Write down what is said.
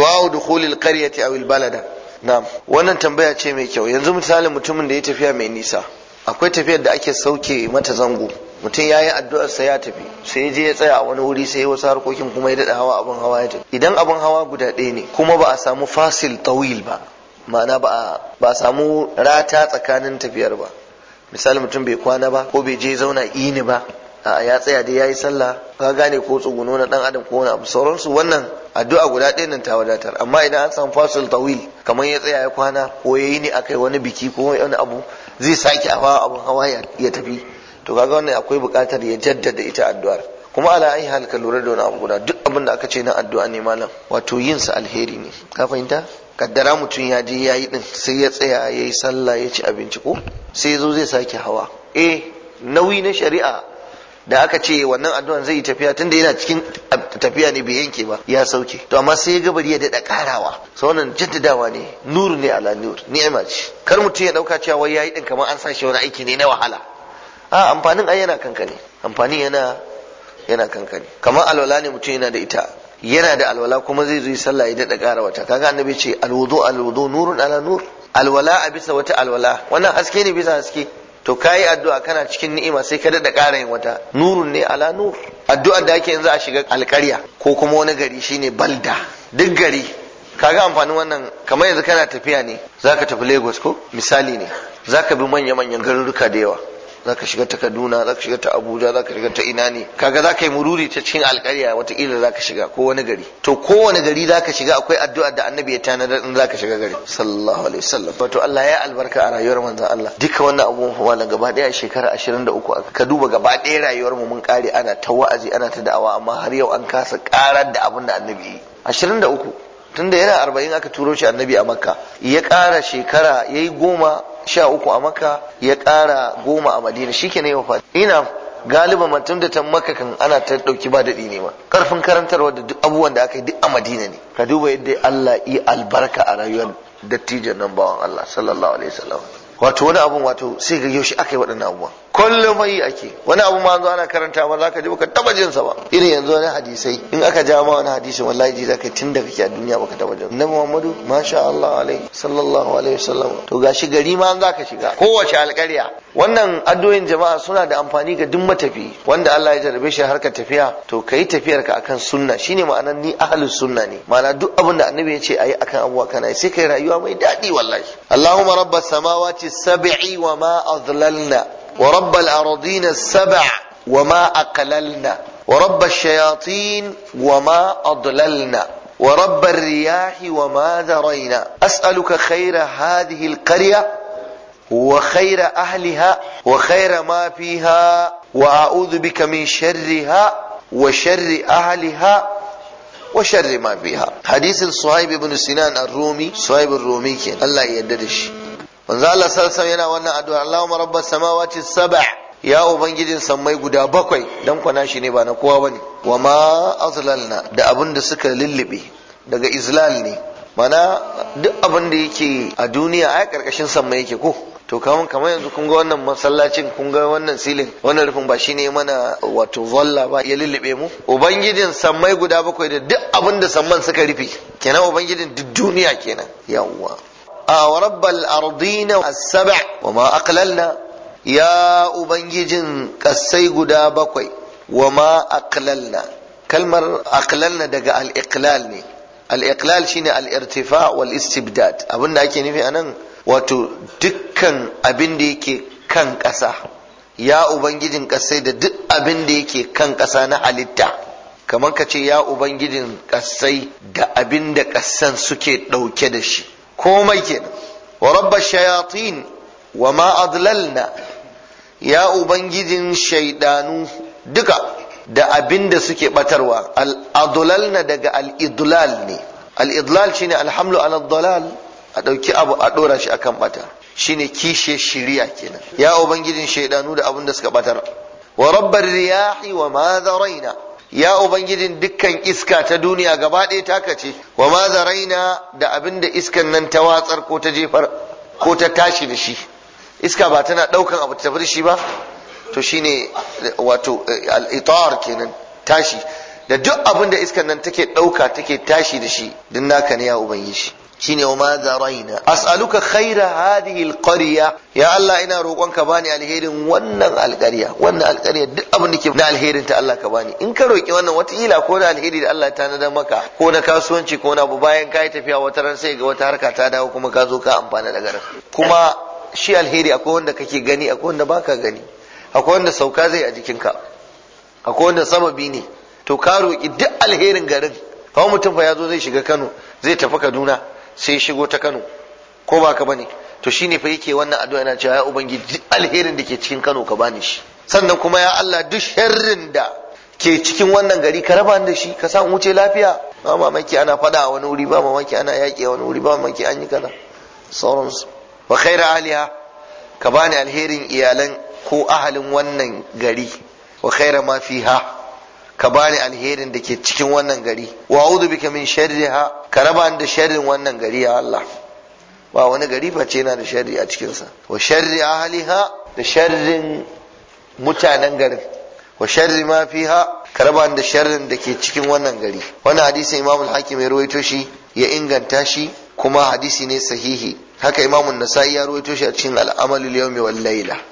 du'a dukhulil qaryati aw al balada na'am wannan tambaya ce mai kyau yanzu misalin mutumin da ya tafiya mai nisa akwai tafiyar da ake sauke mata zango mutum ya yi addu'ar sa ya tafi sai je ya tsaya a wani wuri sai wasu harkokin kuma ya dada hawa abin hawa ya tafi idan abin hawa guda ɗaya ne kuma ba a samu fasil tawil ba ma'ana ba a samu rata tsakanin tafiyar ba misali mutum bai kwana ba ko bai je zauna ini ba a ya tsaya dai yi sallah ka gane ko tsuguno na dan adam ko wani abu sauransu wannan addu'a guda ɗaya nan ta wadatar amma idan an samu fasul tawil kamar ya tsaya ya kwana ko yayi ne akai wani biki ko wani abu zai sake a hawa abun hawa ya tafi to kaga wannan akwai buƙatar ya jaddada ita addu'ar kuma ala ayi hal ka lura da wani abu guda duk abin da aka ce na addu'a ne malam wato yin sa alheri ne ka fahimta kaddara mutum ya je ya yi din sai ya tsaya ya yi sallah ya ci abinci ko sai ya zo zai sake hawa eh nauyi na shari'a da aka ce wannan addu'an zai yi tafiya tunda yana cikin tafiya ne bai yanke ba ya sauke to amma sai ya bari ya daɗa ƙarawa wannan jaddadawa ne nur ne ala nur ni'ima ce kar mutum ya ɗauka cewa wai yayi din kamar an sa shi wani aiki ne na wahala a amfanin ai yana kankani. amfani amfanin yana yana kankani. kamar alwala ne mutum yana da ita yana da alwala kuma zai zo sallah ya daɗa ƙara wata kaga annabi ce alwudu alwudu nurun ala nur alwala a bisa wata alwala wannan haske ne bisa haske to kayi addu'a kana cikin ni'ima sai ka daɗa ƙara yin wata nurun ne ala nur addu'ar da ake za a shiga alƙarya ko kuma wani gari shine balda duk gari kaga amfanin wannan kamar yanzu kana tafiya ne zaka tafi Lagos ko misali ne zaka bi manya manyan garuruka da yawa za ka shiga ta kaduna za ka shiga ta abuja za ka shiga ta ina ne kaga za ka yi mururi ta cikin alkarya wataƙila za ka shiga ko wani gari to kowane gari za ka shiga akwai addu'a da annabi ya tanada in za ka shiga gari sallallahu alaihi wasallam wato Allah ya albarka a rayuwar manzon Allah duka wannan abubuwan malam gaba daya shekara 23 ka duba gaba daya rayuwar mu mun kare ana ta wa'azi ana ta da'awa amma har yau an kasa karar da abin da annabi yi 23 tunda yana arba'in aka turo shi annabi a makka ya kara shekara yayi goma sha uku a maka ya ƙara goma a madina shi ke ne ya faɗi ina galiba mutum da ta maka kan ana ta ɗauki ba daɗi ne ma ƙarfin karantarwa da abubuwan da aka yi duk a madina ne ka duba yadda Allah yi albarka a rayuwar dattijan nan bawan Allah sallallahu alaihi wasallam wato wani abun wato sai ga yaushe aka yi waɗannan abubuwan kullum mai ake wani abu ma ana karanta ba ka ji baka taba jin sa ba irin yanzu wani hadisai in aka ja ma wani hadisi wallahi ji zaka tun da kake a duniya baka taba jin Annabi Muhammadu masha Allah alaihi sallallahu alaihi wasallam to gashi gari ma an zaka shiga kowace alƙarya wannan addu'o'in jama'a suna da amfani ga duk matafi wanda Allah ya jarabe shi harkar tafiya to kai tafiyar ka akan sunna shine ma'anar ni ahlus sunna ne ma'ana duk abin da Annabi ya ce ayi akan abuwa kana sai kai rayuwa mai daɗi wallahi Allahumma rabbas samawati sab'i wa ma adlalna ورب الأراضين السبع وما أقللنا ورب الشياطين وما أضللنا ورب الرياح وما ذرينا أسألك خير هذه القرية وخير أهلها وخير ما فيها وأعوذ بك من شرها وشر أهلها وشر ما فيها حديث صهيب بن سنان الرومي صهيب الرومي الله يددش manzo Allah sallallahu alaihi yana wannan addu'a Allahumma rabbas samawati sab'a ya ubangijin sammai guda bakwai dan kwana shi ne ba na kowa bane wa ma azlalna da abin da suka lullube daga izlal ne mana duk abin da yake a duniya a karkashin sammai yake ko to kaman kamar yanzu kun ga wannan masallacin kun ga wannan silin wannan rufin ba shine mana wato zalla ba ya lullube mu ubangijin sammai guda bakwai da duk abin da samman suka rufe kenan ubangijin duk duniya kenan yawwa A rabbal ardiya na saba'a ya ubangijin kasai guda bakwai wa ma aƙlalna. Kalmar aƙlalna daga al'iƙlal ne. Al'iƙlal shi ne al'ertifa. Abin da nufi anan. Wato dukkan abin da yake kan ƙasa ya ubangijin ƙasai da duk abin da yake kan ƙasa na alita. Kamar kace ya ubangijin ƙasai da abin da ƙasan suke ɗauke da shi. komai ke wa rabba shayatin wa ma adlalna ya ubangijin shaidanu duka da abin da suke batarwa al-adlalna daga al-idlal ne al-idlal shine alhamlu ala dalal a dauki abu a dora shi akan bata shine kishe shiriya kenan ya ubangijin shaidanu da abin da suka batar wa rabbar riyahi wa ma dharaina ya ubangijin dukkan iska ta duniya gaba ɗaya ta kace wa ma da abin da iskan nan ta watsar ko ta jefar ko ta tashi da shi iska ba tana ɗaukan abu ta tafi shi ba to shine wato al kenan tashi da duk abinda da iskan nan take ɗauka take tashi da shi din naka ne ya ubangiji shine wa madha raina as'aluka khaira hadhihi alqarya ya Allah ina roƙon ka bani alherin wannan alƙarya wannan alƙarya duk abin da ke na alherin ta Allah ka bani in ka roƙi wannan wataƙila ko na alheri da Allah ta nada maka ko na kasuwanci ko na abu bayan ka yi tafiya wata ran sai ga wata harka ta dawo kuma ka zo ka amfana da garin kuma shi alheri akwai wanda kake gani akwai wanda baka gani akwai wanda sauka zai a jikinka akwai wanda sababi ne to ka roƙi duk alherin garin kawai mutum fa ya zo zai shiga Kano zai tafi Kaduna sai shigo ta Kano ko ba ka bane to shine fa yake wannan addu'a yana cewa ya ubangiji alherin da ke cikin Kano ka bani shi sannan kuma ya Allah duk sharrin da ke cikin wannan gari ka raba da shi ka sa wuce lafiya ba mamaki ana fada a wani wuri ba mamaki ana yaƙi a wani wuri ba mamaki an yi kaza sauransu wa khaira aliya ka bani alherin iyalan ko ahalin wannan gari wa khaira ma fiha ka bani alherin da ke cikin wannan gari wa a'udhu bika min sharriha ka raba da sharrin wannan gari ya Allah ba wani gari ce yana da sharri a cikinsa wa sharri ahliha da sharrin mutanen garin wa sharri ma fiha ka raba da sharrin da ke cikin wannan gari wannan hadisin imamul hakimi ya shi ya inganta shi kuma hadisi ne sahihi haka imamun nasa'i ya ruwaito shi a cikin al'amalul yawmi wal layla